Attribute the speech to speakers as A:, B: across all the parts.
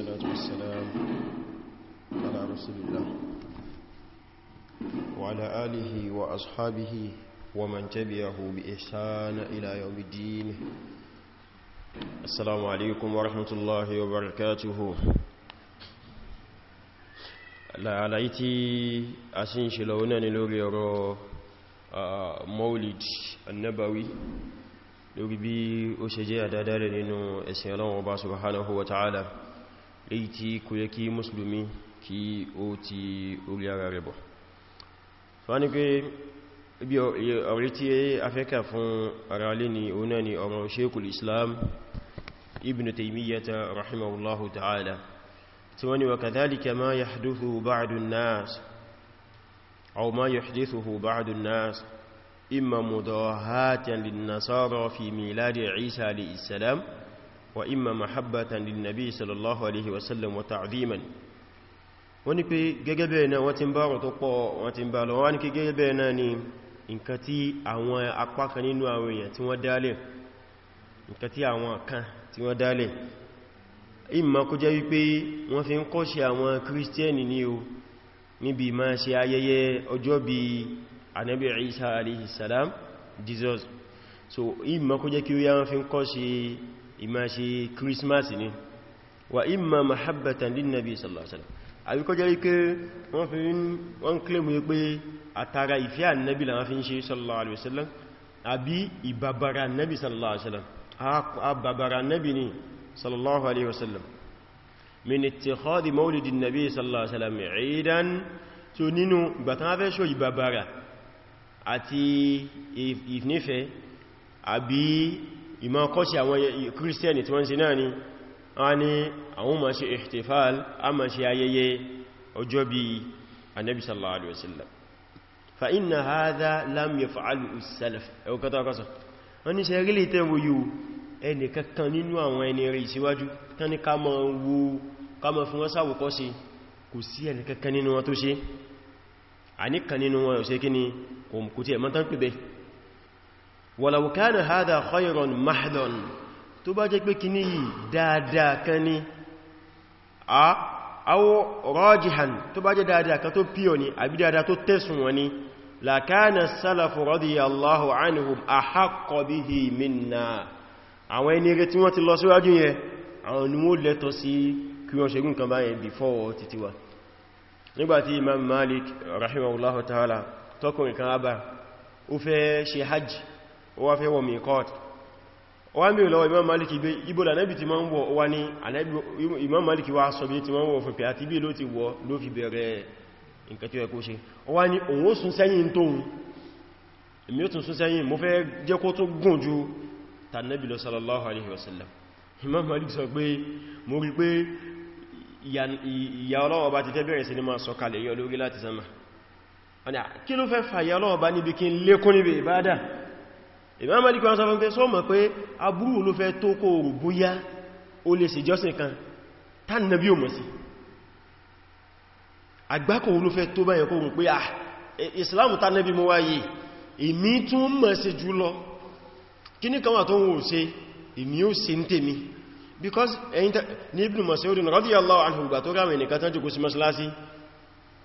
A: الصلاة والسلام على رسول الله وعلى آله وأصحابه ومن تبعه بإحسان إلى يوم الدين السلام عليكم ورحمة الله وبركاته لا عليتي أسين شلونا نلوغي رو آه، مولد النبوي لوغي بي أشجي أدادالي ننو إسيالان وبا سبحانه وتعالى èyí tí kò yẹ kí mùsùlùmí kí ó ti orí ara rẹ̀ bọ̀. wọ́n ni pé ibi ọ̀rẹ́ tí afẹ́kà fún ara lé ni òun náà ni ọ̀rọ̀ Sheikhul Islam Ibn Taymiyyata rahimahullahu ta'ala tí wọ́n ni wa kadhalika ma yahduthu ba'du an-nas aw ma yuhdithuhu ba'du an-nas imma mudahatan lin-nasara fi miladi Isa alayhi salam وإما محبة للنبي صلى الله عليه وسلم وتعظيما wọ́n ni pé gẹ́gẹ́ bẹ́ẹ̀ náà wọ́n ti ń bá ọ̀rọ̀ tó pọ̀ wọ́n ti ń bá lọ wọ́n ni pé gẹ́gẹ́ bẹ́ẹ̀ náà ni nǹkan tí àwọn apá kan nínú àwọn èèyàn tí wọ́n dálẹ̀ nǹkan tí àwọn kan tí wọ́n dálẹ̀ ìmọ̀ kó jẹ́ wípé wọ́n fi ń kọ́ṣẹ́ àwọn kírísítíẹ̀nì so ìmọ̀ kó jẹ́ kí ó ìmá ṣe Christmas ni wa imma mahabbatan lè nabi sallallahu alaihi wasallam àbíkọ́ jẹ́ rí pé wọ́n fi wọ́n kílèmù yí pé àtàrà ìfẹ́ ànábì làwọn fi ń ṣe sallallahu alaihi wasallam min ittikhadi mawlidi nabi sallallahu alaihi wasallam tó nínú ṣò ìbàbàrà àti ìfnífẹ́ àbí ìmọ̀ kọ́ sí àwọn kírísítẹ́nì tí wọ́n ṣe náà ni a ní àwọn ma ṣe ihtifal a ma ṣe ayẹyẹ ọjọ́ bí annabi sallallahu alaihi wasallam fa inna hadha lam yaf'alu as-salaf ẹwọ kata kasa wọ́n ni ṣe rílì tẹ́wọ yíò ẹni kankan nínú àwọn ẹni rí síwájú tán ní kama kò sí ẹni kankan nínú wọn wọ̀làwò kánà hádà khayran mahdon tó bá jẹ́ pé kìíní yìí dáadáa kan ní a awó rajihan tó bá jẹ́ dáadáa kan tó píọ̀ ní àbí dáadáa tó tẹ́sùn wọn ní làkánà sálàfù radiyallahu anhum ahaqqa bihi minna àwọn ẹni rẹ̀ tí wọ́n ti lọ síwájú yẹn àwọn ni wọ́n lẹ́tọ̀ sí ó wá fẹ́ wọ mikot ó wá ń bèèrè lọ́wọ́ imam maliki bí ibo lànẹ́bì ti ma ń wọ ó wá imam maliki wá sọ bí ti ma ń wọ fún pẹ̀ àti bí ló ti wọ ló fi bẹ̀rẹ̀ nǹkan tí ó ẹkó ṣe ó wá sallallahu alaihi wasallam imam malik sọ pé mo rí pé ìyà ọlọ́wọ́ bá ti fẹ́ bẹ̀rẹ̀ sí ní máa sọ̀kalẹ̀ yọ lórí láti sánmà kí ló fẹ́ fà ìyà níbi kí n lékún níbi ìbádà ìmá mẹ́lìkì wọn sọ fún pé sọ mọ̀ pé aburú ló fẹ́ tó kó orù bóyá o lè ṣe jọ́sìn kan tánàbí o mọ̀ sí àgbákò ló fẹ́ tó báyẹ̀ kó rùn pé ah ìsìláàmù e, tánàbí mọ́ wáyé ìmí tún mọ̀ sí jùlọ kí ní kan wà tó ń wò ṣe ìmí ó ṣe ń tèmi because ẹ̀yìn ní Ibn Mas'ud radiyallahu anhu gbà tó ráwẹ̀ nìkan tán jùkú sí mọ́sálásí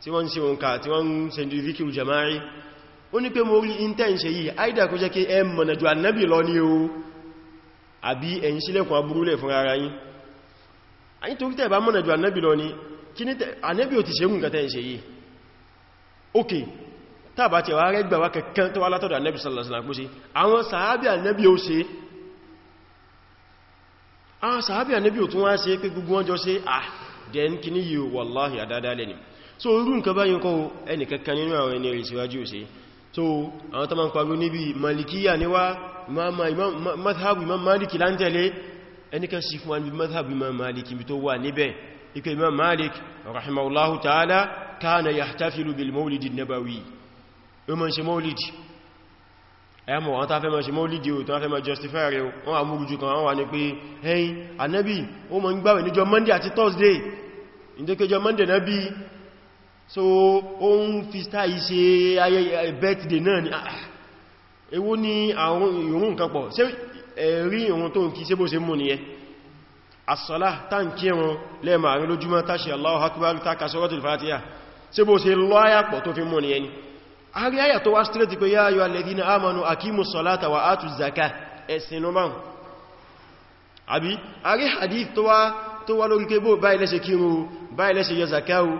A: tí wọ́n ń ṣe òǹkà tí wọ́n ń ṣe ìdíkìrù jama'i ó ní pé mo rí intense yìí àìdà kó jẹ́ kí ẹ mọ̀nà jù annabi lọ ní o àbí ẹ̀yin sílẹ̀kùn aburúlẹ̀ fún ara yín ayin tó kítẹ̀ bá mọ̀nà jù annabi lọ ní kí ní annabi ò ti ṣe rùn kẹtẹ́ ìṣe yìí ok tàbà tí wà rẹ̀ gbà wá kẹkàn tó wá látọ̀dọ̀ annabi sallallahu alaihi wasallam àwọn ni so irú nǹkan báyìí kọ́ so àwọn tó ma ń pàrò níbi malikiya níwá mazhabu imam maliki lántẹ̀lé ẹnikan sí fún alibi mazhabu imam maliki bí tó wà níbẹ̀ ikọ̀ imam malik rahimahullahu ta'ala kana yahtafilu bil maulidi nabawi o ma ṣe maulidi ẹmọ wọn ta fẹ́ ma ṣe maulidi o tó fẹ́ ma justify rẹ̀ wọn a múrùjú kan wọn wà ní pé hey anabi o ma ń so o n fi style ṣe ayẹyẹ eh, birthday náà ni ah èwo ni àwọn ìrun kan pọ̀ ṣé ẹ̀rí ìrun tó ń kí ṣé bó ṣe mú ni ẹ as-salah tán kí ẹran lẹ́ẹ̀mà rí lójúmọ́ táṣì Allahu akbar táka suratul Fatiha ṣé bó ṣe lọ ayàpọ̀ tó fi mú ni ẹni a rí ayà tó wá straight pé ya ayyuha alladhina amanu aqimu salata wa atu zaka ẹ̀sìn ló máa àbí a rí hadith tó wá lórí pé bó báyìí lẹ́ṣe kírun báyìí lẹ́ṣe yọ zakawu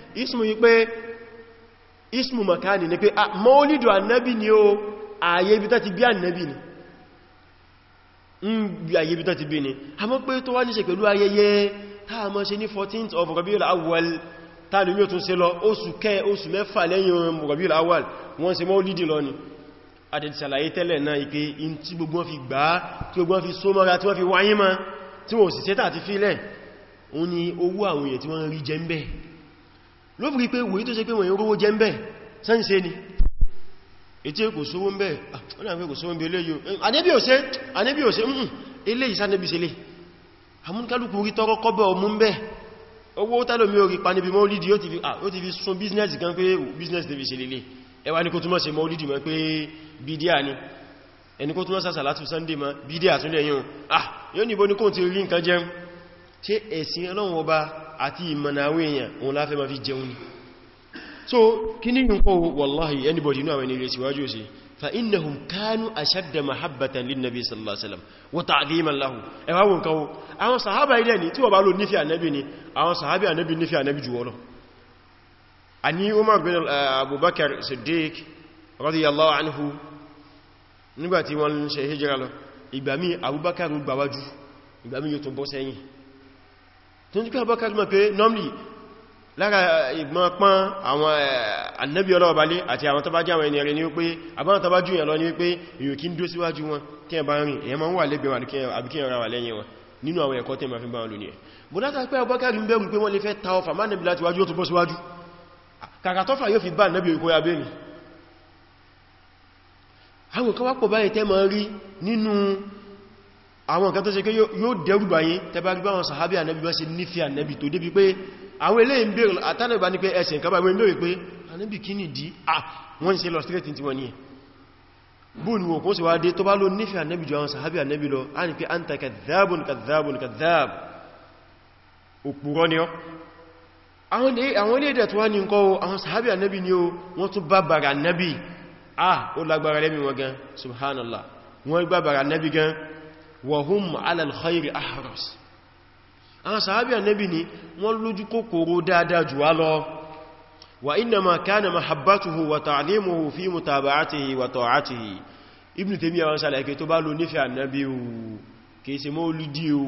A: ismu yí pé ismu makani ni pé ah, maulidu annabi ni o ààyè ibi tàti bí annabi ni ń bí ààyè ibi tàti bí ni a mọ́ pé tó wá ní ṣe pẹ̀lú ayẹyẹ táà mọ́ ṣe ní 14th of Rabiul Awwal tààlù yóò tún ṣe lọ oṣù kẹ oṣù mẹ́fà lẹ́yìn Rabiul Awwal wọ́n ṣe maulidi lọ ni àdẹ̀tì sàlàyé tẹ́lẹ̀ náà ìpé in tí gbogbo wọn fi gbà á tí gbogbo wọn fi ló fi pé wòye tó ṣe pé wòye rówó jẹ ń bẹ̀ sẹ́ǹsẹ́ ni ètí kò sówó ń bẹ̀ wọ́n náà fẹ́ kò sówó ń bẹ̀ eléyìí anẹ́bí eh, òṣe anẹ́bí òṣe mú eléyìí sánẹ́bí sílé àmúkálùkù rí tọ́rọ kọ́bẹ̀ ọmú ń bẹ̀ owó tẹ́lò mi ò rí pa ah, ó ti fi sun business gan pé business lè fi ṣe lélẹ̀ ẹwà ní kó túnmọ̀ ṣe mọ́lìdì mọ́ pé bídíà ni ẹni kó túnmọ̀ sàṣà láti sunday mọ́ bidia tún lẹ́yìn ah yóò níbo ní kó ti rí nǹkan jẹun ṣe ẹ̀sìn ọlọ́run ọba àti ìmọ̀nà àwọn èèyàn òun láfẹ́ ma fi jẹun ni so kí ní nǹkan wallahi anybody inú àwọn ènìyàn síwájú sí fa innahum kanu ashadda mahabbatan lin nabi sallallahu alaihi wasallam wa ta'dhiman lahu ẹ wá wọn kawo àwọn sahaba ilé ni tí wọ́n bá lò nífẹ́ ànábì ni àwọn sahabi ànábì nífẹ́ ànábì jù wọ́lọ́ àní umar bin eh, abubakar siddiq radiyallahu ìgbàmí abubakar gbàwájú ìgbàmí yóò tó bọ́ sẹ́yìn tó ń tí kí abọ́kàrí mọ̀ pé normally lára eh, ìgbọ́n pán àwọn annabi eh, ọlọ́ọ̀balé àti àwọn tọba jáwọn ẹni rẹ̀ ni wípé àbáwọn tọba jù yàn lọ ni wípé èyàn kí ń dó síwájú wọn tí ẹ bá rìn èyàn ma ń wà lẹ́gbẹ̀ẹ́ wọn àbí kí ẹ ra wà lẹ́yìn wọn nínú àwọn ẹ̀kọ́ tí ma fi bá àwọn kan tó ṣe pé yóò dẹ́rùgbà yí tẹbà rí báwọn sàhábí ànẹ́bí wọ́n ṣe nífẹ́ ànẹ́bí tó débi pé àwọn ilé ìbèrè àtànàbà ní pé ẹsẹ̀ ìkàbà wọ́n mẹ́rin pé ànẹ́bí kí ní dí à wọ́n ṣe lọ straight tí wọ́n ní ẹ̀ bóòlù wọ́n kó anta kadhabun kadhabun kadhab òpùrọ́ ni ọ́ àwọn ilé ìdẹ̀ tó wá ní ń kọ́ àwọn sàhábí ànẹ́bí ni ah ó lágbára lẹ́mí subhanallah wọ́n gbá bàrà ànẹ́bí gan wọ̀hún alàlùkhairi ahras àwọn sàábí ànẹ́bì ni wọ́n lójú kòkòrò dáadáa jù wá lọ wà inna ma kana mahabbatuhu wa ta'limuhu fi mutaba'atihi wa ta'atihi ibn taymiyyah àwọn sàlẹ̀kẹ́ tó bá lo nífẹ́ ànẹ́bì o kèsì mọ́lúdí o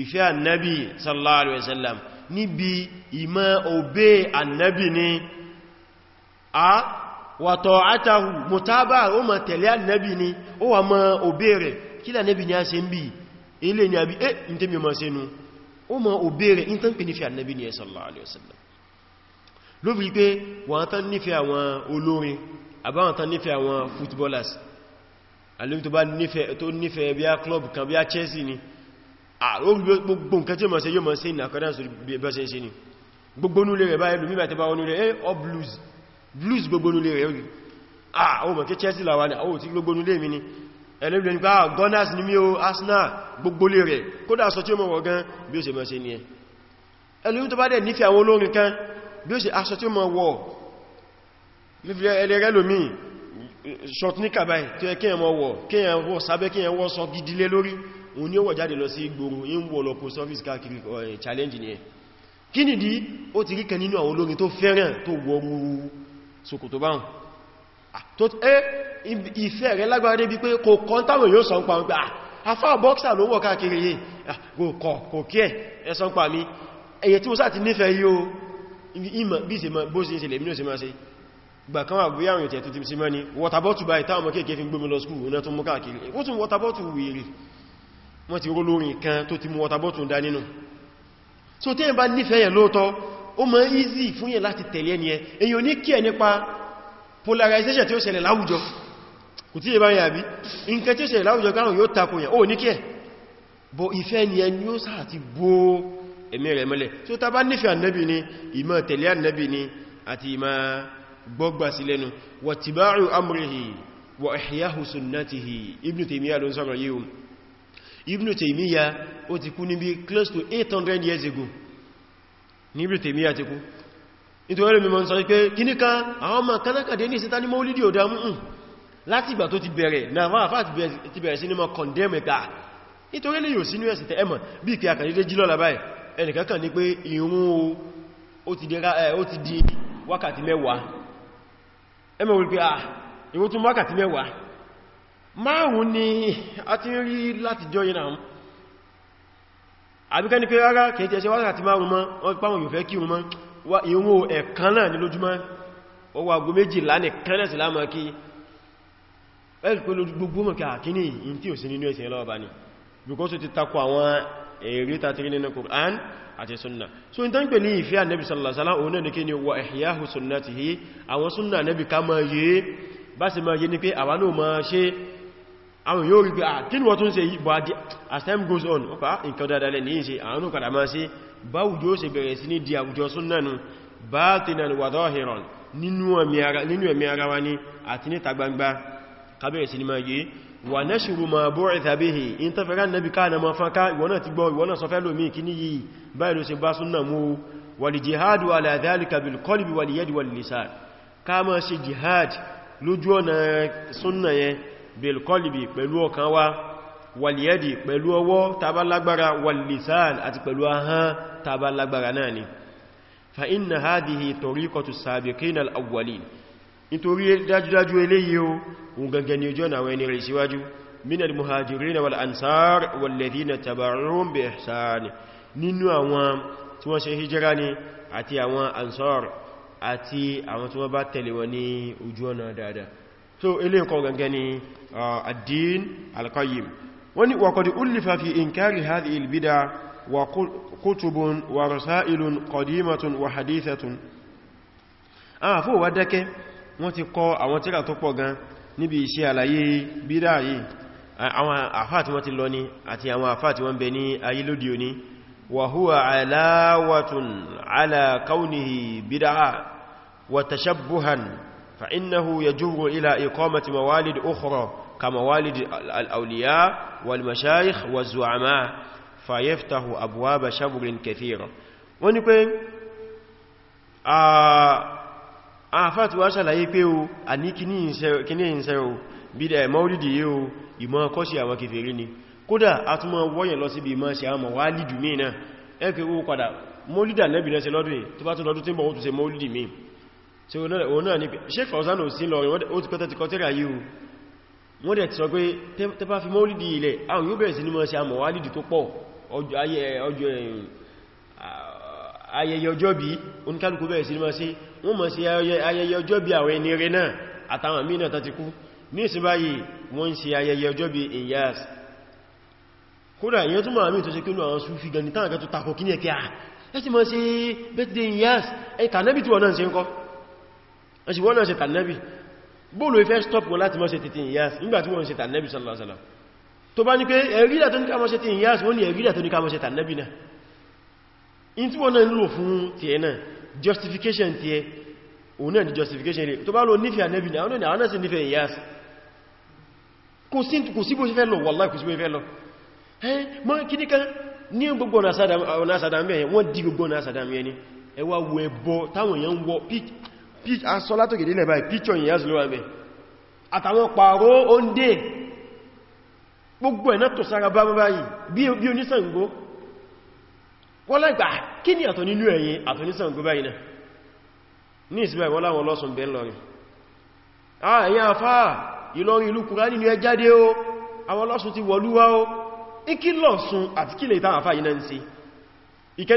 A: ìfẹ́ ànẹ́bì sallallahu alaihi wasallam níbi ìmọ̀ òbé ó wà mọ́ òbé kílà nẹ́bì ni a ṣe ń bí ilé ni a bí eh ní tẹ́mi ọmọ sínú ó mọ̀ òbèèrè in tán pè nífẹ́ ànẹ́bì ni sallallahu alaihi wasallam ló fi pé wọ́n tán nífẹ́ àwọn olórin footballers alóbi tó bá nífẹ́ club kan bí Chelsea ni gbogbo nǹkan tí mọ̀ sí yóò mọ̀ sí ní àkọ́dá sórí bí ẹbẹ́ sí ní gbogbo nulẹ̀ eh blues blues gbogbo nulẹ̀ ah o mọ̀ kí Chelsea o ti gbogbo nulẹ̀ ẹlẹ́bìnrin nípa ah, gunners ni mí o Asna gbogbo lè rẹ̀ kódà sọ tí ó mọ̀ wọ̀ gan bí ó ṣe mọ́ ṣe ní ẹ ẹlẹ́bìnrin tó bá dẹ̀ nífẹ́ àwọn olórin kan bí ó ṣe aṣọ tí ó mọ̀ wọ̀ nífẹ́ ẹlẹ́rẹ́ lómi short níkà báyìí tó yẹ kí ẹmọ wọ̀ kí ẹmọ wọ̀ sábẹ́ kí ẹmọ wọ̀ sọ gidi lé lórí òun challenge ni ẹ kí nìdí ó ti rí kan nínú àwọn olórin tó fẹ́ràn tó wọ̀ Ah, tó ẹ́ eh, ìfẹ́ rẹ̀ lágbára débi pé kò kọ́ táwọn yóò sọ́npa ń pẹ́ àfá bọ́ksà ló wọ́ káàkiri yìí ah, kò kò kí ẹ̀ ẹ sọ́npa mi ẹ̀yẹ tí mo sáà ti nífẹ́ yíó ìmọ̀ bí i bó sí ìṣẹ̀lẹ̀ mínú sí máa ṣe gbà kan àgbéyàwó ìtẹ̀ tó ti sí mẹ́ni wọ́tabọ́tù báyìí táwọn ọmọ kéèkéé fi ń gbé mi lọ skúù ọ̀nà tó mú káàkiri ó tún wọ́tabọ́tù wèrè wọ́n ti ró lórin kan tó ti mú wọ́tabọ́tù dá nínú so tí ẹ bá nífẹ̀ẹ́ yẹn lóòtọ́ o mọ́ easy fún yẹn láti tẹ̀lé ẹni ẹ èyàn ní kí ẹ nípa polarization tí ó ṣẹlẹ̀ láwùjọ kò tí ìbáyà bí nǹkan tí ó ṣẹlẹ̀ láwùjọ káwọn yóò takoyàn ó ní kí ẹ̀ bọ̀ ìfẹ́ ni ẹni ó sáà ti bó ẹ̀mí rẹ̀ mẹ́lẹ̀ tí ó ta bá nífẹ̀ẹ́ annabi ni amrihi wa ihyahu sunnatihi ibn taymiya ló ń close to 800 years ago ní ibn taymiya nítorí mímọ̀ sọ pé kíní kan àwọn ọmọ kanákàdé ní ìsẹta ní mọ́lídì ò dámú ùn hmm. láti ìgbà tó ti bẹ̀rẹ̀ náà àfáà ti bẹ̀rẹ̀ sí ní mọ́ kọndẹ́mẹ̀ká nítorí lè yóò sínú ẹ̀sìn tẹ́ ẹmọ̀ bí kí àkàdédé jí lọ́la báyìí ẹnìkan kan ní pé ìrun ó ti di ah, rárá kìí tẹ́ ṣe wákàtí márùn-ún mọ́ wọ́n pàwọn yóò fẹ́ kírun mọ́ ìrún ẹ̀kan náà ní lójúmọ́ ọwọ́ agbó méjì lánì kánẹ̀sì lámọ́ kí ẹ̀sì pé gbogbo mọ̀ kàkíní in tí ò sí nínú ẹ̀sìn ẹlọ́ọ̀bá ni because ó ti takọ àwọn èrè tàtírí nínú Qur'an àti sunna so in tán pè ní ìfẹ́ ànẹ́bì sallasala òun náà ní kí ni wa ihyahu sunnatihi àwọn sunna ànẹ́bì ká máa yé bá sì máa yé ní pé àwọn náà máa ṣe àwọn yóò rí pé àkínwọ́ tún ṣe yìí as time goes on ó pa nǹkan dáadáa lẹ́ ní ìṣe àwọn náà kàdà báwùjọ ṣe bẹ̀rẹ̀ sí ní di àwùjọ súnnanu batinan wa zahiran nínú ẹ̀mí ara wa ní àti níta gbangba kábẹ̀rẹ̀ sí ní máa yé wà nashru ma bu'itha bihi in ta fẹ́ràn nabi ká na ma fán ká ìwọ náà ti gbọ́ ìwọ náà sọ fẹ́ lómi kí ní yìí báyìí ló ṣe bá súnnà mú wal ma ṣe jihad lójú ọ̀nà súnnà yẹn wàlìyàdì pẹ̀lú ọwọ́ tàbá lágbára wàlìsàn àti pẹ̀lú ahán tàbá lágbára náà ni fa inna hadihi tariqatu sabiqina al-awwalin nítorí dájúdájú eléyìí o òun gangan ni ojú ọ̀nà àwọn rẹ̀ síwájú min muhajirin wal so eléyìí kọ gangan ni uh, al-qayyim wani wakọ̀dì ullifa fi inkari hadhi ilbida wa kutubun wa rasailun qadimatun wa hadithatun a fò wá dákẹ́ wọ́n ti kọ àwọn tírà tó pọ̀ gan níbi iṣẹ́ àlàyé bídá yìí àwọn àfáà tí wọ́n ti lọ ní àti àwọn àfáà wọ́n bẹ ní ayé lódí òní wa huwa alawatun ala kaunihi bid'a wa tashabbuhan fa innahu yajurru ila iqamati mawalid ukhra كموالد الأولياء والمشايخ والزعماء فيفتح أبواب شبر كثيرة ونقول àfáàtí wá ṣàlàyé pé o a ní kíní ìṣẹ́ o bí i maulidi yíò ìmọ̀ kọ́sí àwọn kèfèrí ni kódà a tún mọ́ wọ́yẹ̀ lọ sí ibi ìmọ̀ sí àwọn wálìdù mí náà ẹ́kẹ́ owó padà maulidi Ànábì náà ṣe lọ́dún yìí tó bá tún lọ́dún tí ń bọ̀ wọ́n tún ṣe maulidi mí wọ́n dẹ̀ ti sọ pé tẹ́bá fi mọ́lìdì ilẹ̀ àwọn yóò bẹ̀rẹ̀ sí ní mọ́ sí àmọ̀ wálìdì tó pọ̀ ayẹyẹ ọjọ́ bí oníkálùkù bẹ̀rẹ̀ sí ní mọ́ sí wọ́n mọ́ sí ayẹyẹ ọjọ́ bí àwọn ẹni rẹ̀ náà àtàwọn mí náà tàti kú ní ìsìnbáyìí wọ́n sí ayẹyẹ ọjọ́ bí Inyas kódà èyàn tó máa mí tó ṣe kí àwọn Sufi gan ní ah, tánàkà bóòlù ìfẹ́ stop wọn láti mọ́sẹ̀ títí ìyáṣ nígbàtí wọ́n ń ṣe tànẹ́bì sallallahu alaihi wasallam tó bá ní pé ẹ̀rídà tó ní ká mọ́sẹ̀ tí ìyáṣ wọ́n ni ẹ̀rídà tó ní ká mọ́sẹ̀ tànẹ́bì náà in tí wọ́n náà ń lò fún ti ẹ̀ náà justification ti ẹ òun náà ni justification rẹ̀ tó bá lò nífẹ̀ẹ́ ànẹ́bì náà àwọn náà sì nífẹ̀ẹ́ ìyáṣ kò sí bó ṣe fẹ́ lọ wallahi kò sí bó ṣe fẹ́ lọ ẹ́ mọ́ kí ní kan ní gbogbo ọ̀nà aṣọ látòkèdè ilẹ̀ báyìí píṣọ ìyá sí ló wà bẹ̀ àtàwọn pààró oúnjẹ gbogbo ẹ̀nà tó sára bá báyìí bí oníṣàngó wọ́n láìgbà kí ni àtọ̀ nílú ẹ̀yìn àtọ̀ oníṣàngó báyìí náà ní ìsinmi àwọn láwọn lọ́sùn ah ẹ̀yin àfá Ìlọrin ìlú kùrá o àwọn lọ́sùn o ikí lọ́sùn àti kílẹ̀ ìtàn àfá yìí náà ń ṣe ìkẹ́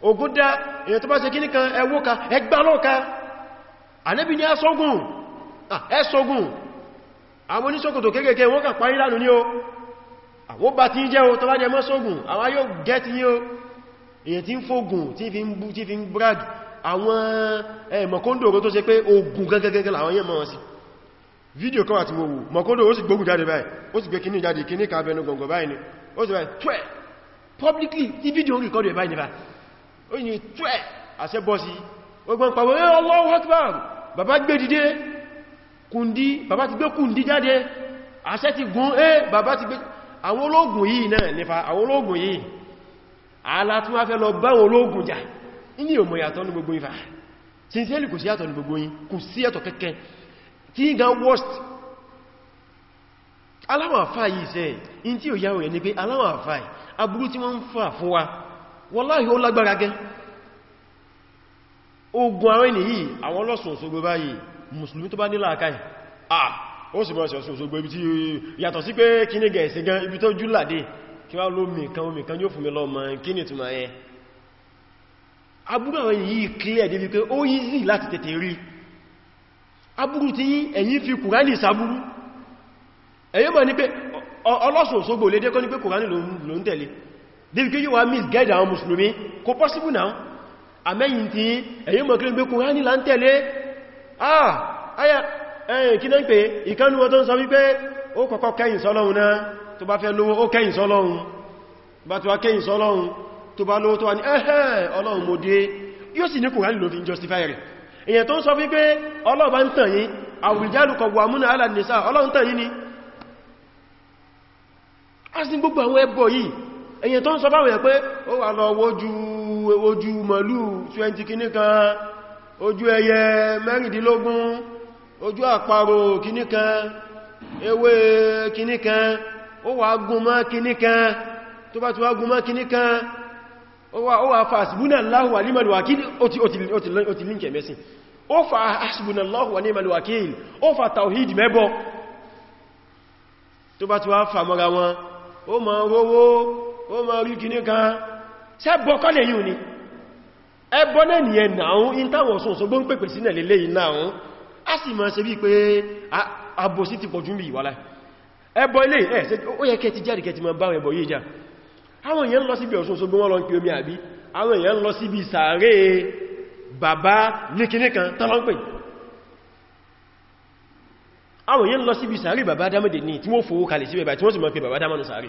A: ogúndá èyàn tó bá ṣe kíní kan ẹwó ka ẹgbà lọ́ka ànábì ní ẹsọ́gùn ẹsọ́gùn àwọn oníṣòkòtò kéèkéé wọ́n kà parí lánàá ní o àwọn bá ti jẹ́ o tó bá jẹ mọ́ sógùn àwọn yóò gẹ́ ti ní o èyàn tí ń fógùn tí fi ń bú tí fi ń brag àwọn mọ̀kóndòrò tó ṣe pé ogun gẹ́gẹ́gẹ́ làwọn yẹ́ mọ́ sí fídíò kan àti mọ̀wò mọ̀kóndòrò ó sì gbógun jáde báyìí ó publicly tí fídíò ń rìkọ́dù ẹ̀ ó yìí tẹ́ àṣẹ́bọ́sí ogbọ́n pàwọ́ ẹ́ Allahu Akbar bàbá gbé dìde kùndí bàbá ti gbé kùndí jáde àṣẹ ti gún ẹ́ eh, bàbá ti gbé àwọn ológun yìí náà nípa àwọn ológun yìí ààlá tí wọ́n fẹ́ lọ bá ológun jà ní òmò yàtọ̀ ní gbogbo ìfà sincerely kò sí yàtọ̀ ní gbogbo yìí kò sí yàtọ̀ kẹ́kẹ́ tí worst aláwọ̀ àfáà yìí sẹ́ in tí ò yáwó ẹ̀ ní pé aláwọ̀ àfáà aburú wa wallahi ó lágbára gẹ́ ogun àwọn ènìyàn yìí àwọn ọlọ́sùn Òṣogbo báyìí mùsùlùmí tó bá nílà àkáì ah ó sì mọ́sí Ọ̀ṣun Òṣogbo ibi tí yàtọ̀ sí pé kí ní gẹ̀ẹ́sì gan ibi tó júlàdé kí wá ló mìkan omìkan yóò fún mi lọ mọ̀ kí ní ìtumọ̀ ẹ aburú àwọn clear débi pé ó easy láti tètè rí aburú tí ẹ̀yin fi kùránì sáburú ẹ̀yin mọ̀ ní pé ọlọ́sùn Òṣogbo lédé kọ́ ní pé débi kí yíò wá misguide àwọn musulmi kò possible now àmẹ́yìn tí ẹ̀yìn mọ̀kílẹ̀ gbé kùránì là ń tẹ̀lé ah aya ẹ̀yìn kí náà ń pè ìkánu wọn tó ń sọ wípé ó kọ́kọ́ kẹ́yìn sọ́lọ́run náà tó bá fẹ́ lówó ó kẹ́yìn sọ́lọ́run èyàn tó ń sọ wípé ń ni a gbogbo àwọn yìí èyàn tó ń sọ báwọn yẹn pé ó wà lọ wójú ojú màlúù 20 kìíní kan ojú ẹyẹ mẹ́rìndínlógún ojú àparò kìíní kan ewé kìíní kan ó wà gúnmọ́ kìíní kan tó bá ti wá gúnmọ́ kìíní kan ó wà fa hasbunallahu wa ni'mal wakil ó ti líǹkẹ̀ mẹ́sìn ó fa hasbunallahu wa ni'mal wakil ó fa tawhid mẹ́bọ tó bá ti wá fà mọ́ra ma rówó ó mọ̀ rí kìíní kan sẹ́bọ̀ kọ́lẹ̀ yìí ni ẹbọ́ náà ni ẹ̀nà àwọn ìntàwọn ọ̀sọ̀ọ̀sọ̀ gbọ́n pèpè sínà lè léyìn náà àwọn a sì mọ̀ sí bí pé àbòsí ti pọ̀jú bí ìwàlá ẹbọ́ ilé ẹ̀ ó yẹ kẹ́ ti jáde kẹ́ ti mọ̀ bá ẹbọ̀ yìí já àwọn èèyàn lọ síbi ọ̀sọ̀ọ̀sọ̀ gbọ́n lọ ń pè omi àbí àwọn èèyàn lọ síbi sàárè bàbá níkiní kan tán lọ ń ní tí wọ́n fowó kalẹ̀ síbẹ̀ báyìí tí wọ́n sì mọ̀ pé bàbá dámẹ́nu sàárè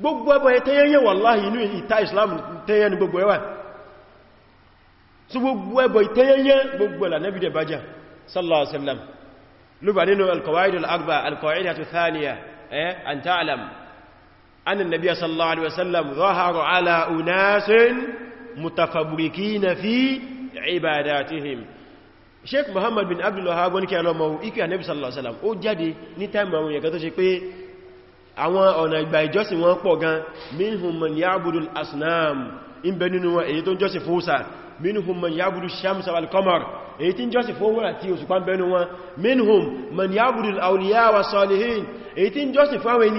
A: gbogbo ẹbọ ẹ̀tẹ́yẹyẹ wàláhì inú ìta islam tẹ́yẹ ni gbogbo ẹwà tí gbogbo ẹbọ ìtẹ́yẹyẹ gbogbo ẹ̀lànẹ́bì dẹ̀ bájá sallallahu alaihi wasallam ló bá nínú al-qawaid al-akbar al-qawaida ath-thaniya an ta'lam anna an-nabiy sallallahu alaihi wasallam dhahara ala unasin mutafabrikina fi ibadatihim sheikh muhammad bin abdul wahhab ní kí alọ́mọ̀ àwọn ọ̀nà ìgbà ìjọsìn wọn pọ̀ gan minhum man ya'budu al-asnam in bẹ nínú wọn èyí tó ń jọsìn fóòsà minhum man ya'budu ash-shamsa wal-qamar èyí tí ń jọsìn fóòwọ́n àti òṣùpá bẹnu wọn minhum man ya'budu al-awliya salihin èyí tí ń jọsìn fáwọn ẹni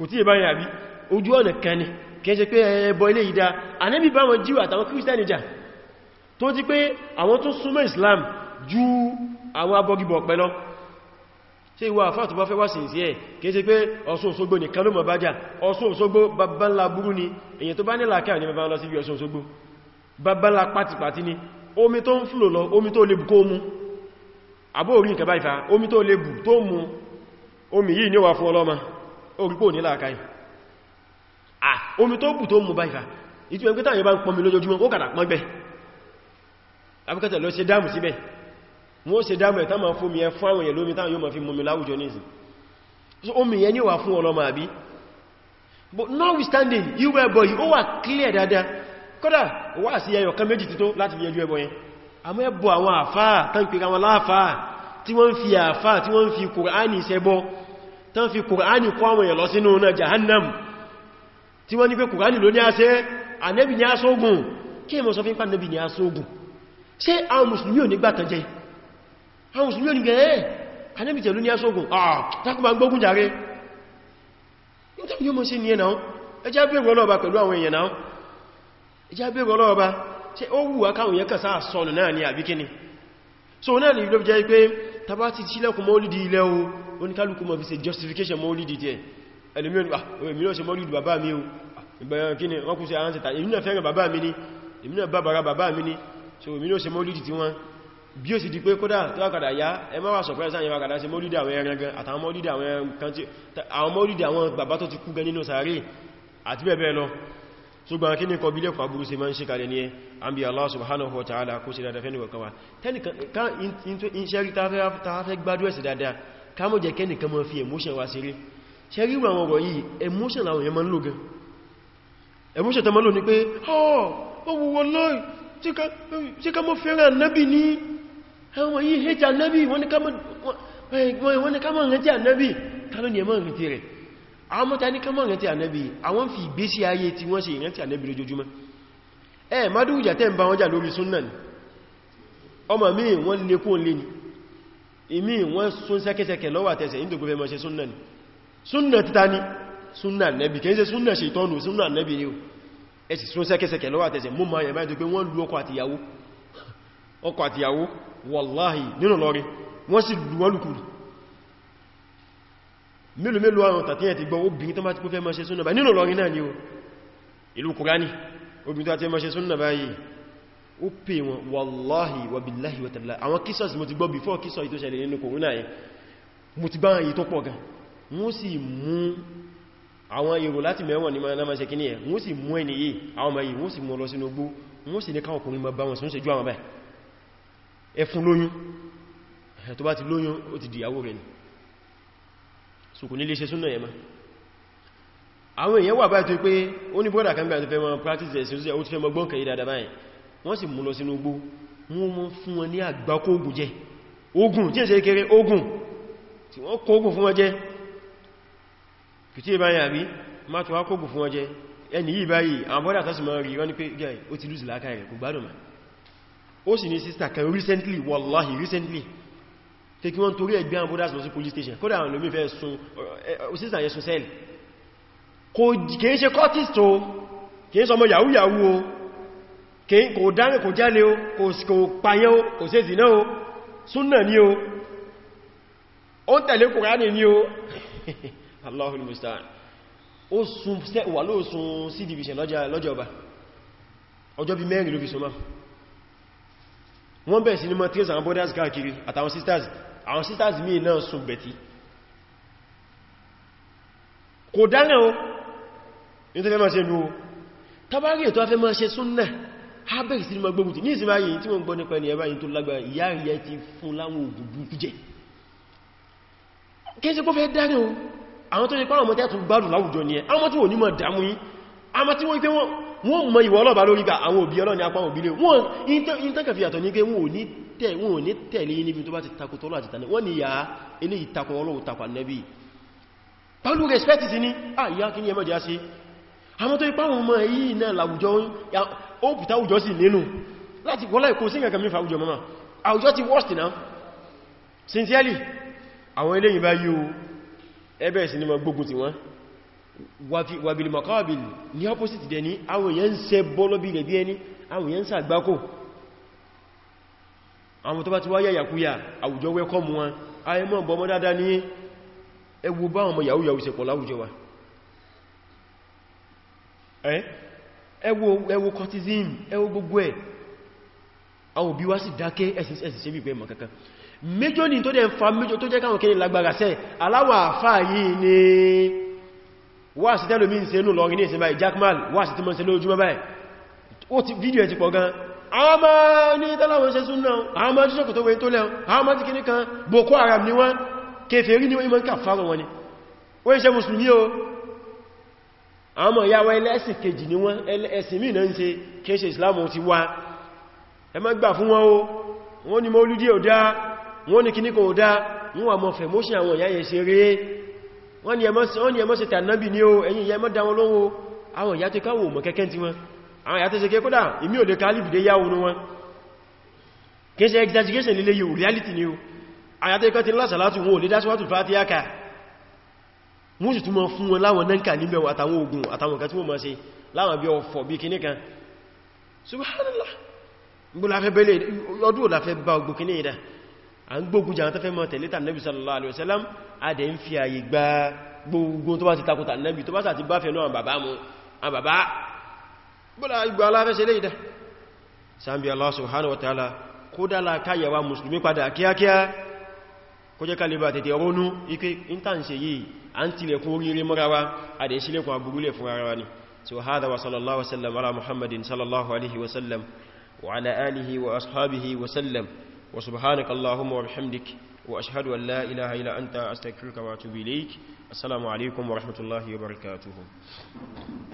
A: kò tí ìbáyà àbí ojú ọ̀nà kan ni kẹsẹ̀ pé ẹbọ ilé ìdá anẹ́bí bá wọn jíwà àtàwọn kírísítẹ́nì jà tó ti pé àwọn tó súnmọ́ Islam ju àwọn abọ́gibọ̀ pẹ̀lọ ṣe ìwà àfáà tó bá fẹ́ wá sí ìsí ẹ̀ kẹsẹ̀ pé Ọ̀ṣun Òṣogbo nìkan ni èyàn ni omi tó ń fúlò lọ omi tó lebù kó mú àbó orí nǹkan báyìí fa omi tó lebù tó mú omi yìí orípò ní láàkáì omi tó bù tó mú báyìí ìtí wọ́n pẹ́ta yọba ń pọnmi lójoojúmọ́ ó kàdà pọ́n gbẹ́ but notwithstanding irú ẹbọ clear dáadáa kódà wà sí ẹyọ kan méjì tító láti fi yẹjú ẹbọ yẹn àmọ́ ẹbọ àwọn àfáà tán pèrè àwọn láàfáà tí wọ́n fi àfáà tí wọ́n fi kùránì ṣẹbọ tán fi kùránì kọ́ àwọn èèyàn lọ sínú náà jahannam tí wọ́n ní pé kùránì ló ní àṣẹ ànẹ́bì ní aṣógùn kí èmọ̀ sọ fí pa nẹ́bì ní aṣógùn ṣe àwọn mùsùlùmí ò ní gbà tànjẹ àwọn mùsùlùmí ò ní gẹ̀ẹ́ eh, ànẹ́bì tẹ̀lú ní aṣógùn àtàkùnmà ah, gbógun jàre so náà ni ìlú jẹ́ pé tàbá ti sílẹ̀kùn mọ́ olídi ilẹ̀ o oníkálùkù mọ̀ fi ṣe justification mọ́lìdì tí ẹ̀ ẹlòmíràn ìmìnà ah, ṣe mọ́lìdì bàbá mi o ah, ìbẹ̀rẹ̀ kí ni wọ́n kú sí àwọn tẹ̀ta ìmìnà fẹ́ràn bàbá mi ni ìmìnà bàbára bàbá mi ni so ìmìnà ṣe mọ́lìdì tí wọ́n bí ó sì di pé kódà tó àkàdà yá ẹ má wà surprise àyẹ̀wà àkàdà sí mọ́lìdì àwọn ẹran gan àtàwọn mọ́lìdì àwọn kan tí àwọn mọ́lìdì àwọn bàbá tó ti kú gan nínú sàárè àti bẹ́ẹ̀ bẹ́ẹ̀ lọ ṣùgbọ́n kí ní kọ bílẹ̀ kọ aburú sí ma ń ṣe kalẹ̀ ní ẹ an bí Allah subhanahu wa kó sí dáadáa fẹ́ kámọ̀ jẹ́ kẹ́ nìkan mọ́ fi emotion wá sí rí ṣe rí àwọn ọ̀rọ̀ yìí emotion láwọn èèyàn máa ń lò gan emotion tó máa lò ní pé ọ̀ wọ́wọ́ lọ́ì tí ká mọ́ wọ́n ni ká mọ́ rántí ànábì tánú ni ẹmọ́ rántí rẹ̀ àwọn mọ́ta ní ká mọ́ rántí ànábì àwọn fi ìgbésí ayé tí wọ́n ṣe rántí ànábì lójoojúmọ́ ẹ mádùújà tẹ́ ń bá wọn jà lórí ìmí wọ́n sún sẹ́kẹsẹkẹ lọ́wà tẹ́sẹ̀ ìdí gbogbo ẹmọ́ ṣe súnnà ni súnnà títà ní súnnà nẹ́bì kìí ṣe súnnà ṣe ìtọ́nù súnnà nẹ́bì ni ẹ sì sún sẹ́kẹsẹkẹ lọ́wà tẹ́sẹ̀ mú ma yẹ̀ báyìí pé wọ́n lu ọkọ àtìyàwó ọkọ àtìyàwó wàláhì nínú lọrí wọ́n sì lu wọ́n lùkùlù mélòó mélòó àwọn tàtíyàn ti gbọ́ mọ́ ṣe súnnà ni o ìlú kùránì obìnrin tó bá ti mọ́ ṣe súnnà ó pè wọn wallahi wabillahi watabila àwọn kissas mo ti gbọ́ before kissas yìí tó ṣẹlẹ̀ nínú corona yìí mo ti bá yìí tó pọ̀ gan wọ́n sì mú àwọn èrò láti mẹ́wọ̀n ní ma ṣe kíní ẹ̀ wọ́n sì mú ẹni yìí àwọn ọmọ yìí wọ́n sì mú lọ sínú ogbó wọ́n sì ní káwọn ọkùnrin ma bá wọn èèyàn wà báyìí tó pé ó ní bọ́dà kan báyìí tó fẹ́ mọ́ practice ẹ̀ sí ó ti fẹ́ mọ́ gbọ́nkẹ̀ yìí báyìí wọ́n sì mú lọ sínú igbó wọ́n mọ́ fún wọn ní àgbákò ogun jẹ ogun tí è ṣe kéré ogun tí wọ́n kó ogun fún wọn jẹ kìtí ìbáyà rí má tó wá kó ogun fún wọn jẹ ẹni yìí báyìí àwọn bọ́dà tó sì mọ́ rí rọ́ní pé gẹ́ ó ti lùsì láàkà rẹ̀ kò recently wallahi recently tí kí wọ́n torí ẹgbẹ́ àwọn police station kódà àwọn lómi fẹ́ sun eh, sísà yẹ sun sẹ́ẹ̀lì kò kìí ṣe cortis tó kìí ṣọmọ yahoo yahoo kò dáre kò jálé o kò pàyẹ o kò ṣe zìnà o súnà ní o ó ń tẹ̀lé Kùránì ní o Allahul musta'an ó sun wà ló sun sí division lọ́jọ́ ọba ọjọ́ bí mẹ́rin ló fi súnmọ́ wọ́n bẹ̀rẹ̀ sí ní mọ́ trace àwọn brothers káàkiri àtàwọn sisters àwọn sisters míì náà sun bẹ̀tí kò dáre o ní tó fẹ́ máa ṣe nú o tàbárí ètò afẹ́ máa hábẹ̀ ìsinmi gbogbo ni ní ìsinmi ayé tí wọ́n gbọ́ nípa ẹni ẹ̀bá yìí tó lágbàá ìyá ti fún láwọn ògùn burúkú jẹ kẹ́sí kó fẹ́ dáre o àwọn tó ní pàwọn ọmọ tẹ́tù gbádùn láwùjọ ni ẹ àwọn tí wọ́n ní mọ̀ dámú yí àwọn tí wọ́n pé wọ́n mọ ìwọ̀ ọlọ́bàá lórí ka àwọn òbí ọlọ́ni apá òbí lé wọ́n ìtàkàfì àtọ̀ ní pé wọ́n ò ní tẹ̀lé níbi tó bá ti takò tọ́lọ́ àti tàní wọ́n ni ya ilé ìtakò ọlọ́wọ́ takò ànẹ́bí pẹ̀lú respect sí ní àyíká ah, kí ní ẹmọ́ jẹ́ sí àwọn tó ipá wọn mọ̀ èyí náà láwùjọ ó pìtà àwùjọ sí nínú láti wọ́lá ìkó sí ka mẹ́fà àwùjọ mama àwùjọ ti worst náà sincerely àwọn eléyìn bá yíò ẹbẹ̀ sí ní mọ́ gbogbo ti wọ́n wàbìlì wabili ní opposite dẹ̀ ní àwọn èèyàn ń ṣe bọ́lọ́bí rẹ̀ bí ẹni àwọn èèyàn ń ṣàgbákò àwọn tó bá ti wá yà yàkúyà àwùjọ wẹ́kọ́mù ẹwù bá wa ẹ wo cortisone ẹ wo gbogbo ẹ̀ àwọn òbí wá sí dákẹ́ ẹ̀sìn ṣe bí pé mọ̀ kankan méjò ní tó dẹ̀ ń fa méjò tó jẹ́ káwọn kéyìn lágbára sẹ́ aláwọ̀ àfáà yìí ni wà sí tẹ́lómi ń se nù lọ ní ìsinmi jackmal wà sí tí mọ́ se lójúmọ́ báyìí ó ti fídíò ẹ̀ gan àwọn ní tẹ́láwọn ṣe súnnà àwọn máa jíṣọ́kù tó wé tó lẹ́ àwọn máa ti kí ní kan Boko Haram ni wọ́n kèfèrí ni wọ́n ìmọ̀ ń kà fárọ wọn ni ó iṣẹ́ mùsùlùmí o àmọ́ ìyàwó ẹlẹ́sìn kejì ni wọ́n ẹlẹ́sìn mí náà ń ṣe kéṣe islamu ti wá ẹ má gbà fún wọn o wọ́n ni mọ́lúdí ò dá wọ́n ni kíníkò ò dá wọ́n wà mọ́ fẹ̀mọ́ṣì àwọn ìyá yẹn ṣe wọ́n ni ẹmọ́ ṣe tànábì ní o ẹ̀yìn ìyá mọ́dá wọn lọ́wọ́ àwọn ìyá tó káwò mọ̀ kẹ́kẹ́ tí wọ́n àwọn ìyá tó ṣe kékódà ni o àyàtẹ́kọ́ ti wọ́n sì tún mọ́ fún wọn láwọn náǹkà níbẹ̀ àtàwọn ogun àtàwọn ǹkan tí wọ́n mọ́ sí láwọn bí ọfọ̀ bí kìní kan subhanallah ọdún òláfẹ́ bá ogun kìní ìdá a ń gbógun jà tẹ́fẹ́ mọ́ sallallahu alaihi wasallam a dẹ̀ ń fi àyè gba gbogbo tó bá ti takò tàbí tó bá sàti bá fẹ́ Allah subhanahu wa ta'ala kó dálá káyẹwa mùsùlùmí padà kíákíá kó jẹ́ kálíbà tètè ronú ike intanṣe yìí an tilẹ̀kùn oríire mọ́ra wa a dẹ̀ sílẹ̀kùn aburúlẹ̀ fún ara wa ni so hada wa sallallahu wa sallam ala muhammadin sallallahu alaihi wa sallam wa ala alihi wa ashabihi wa sallam wa subhanaka allahumma wa bihamdik wa ashhadu an la ilaha illa anta astaghfiruka wa atubu ilaik assalamu alaikum wa rahmatullahi wa barakatuh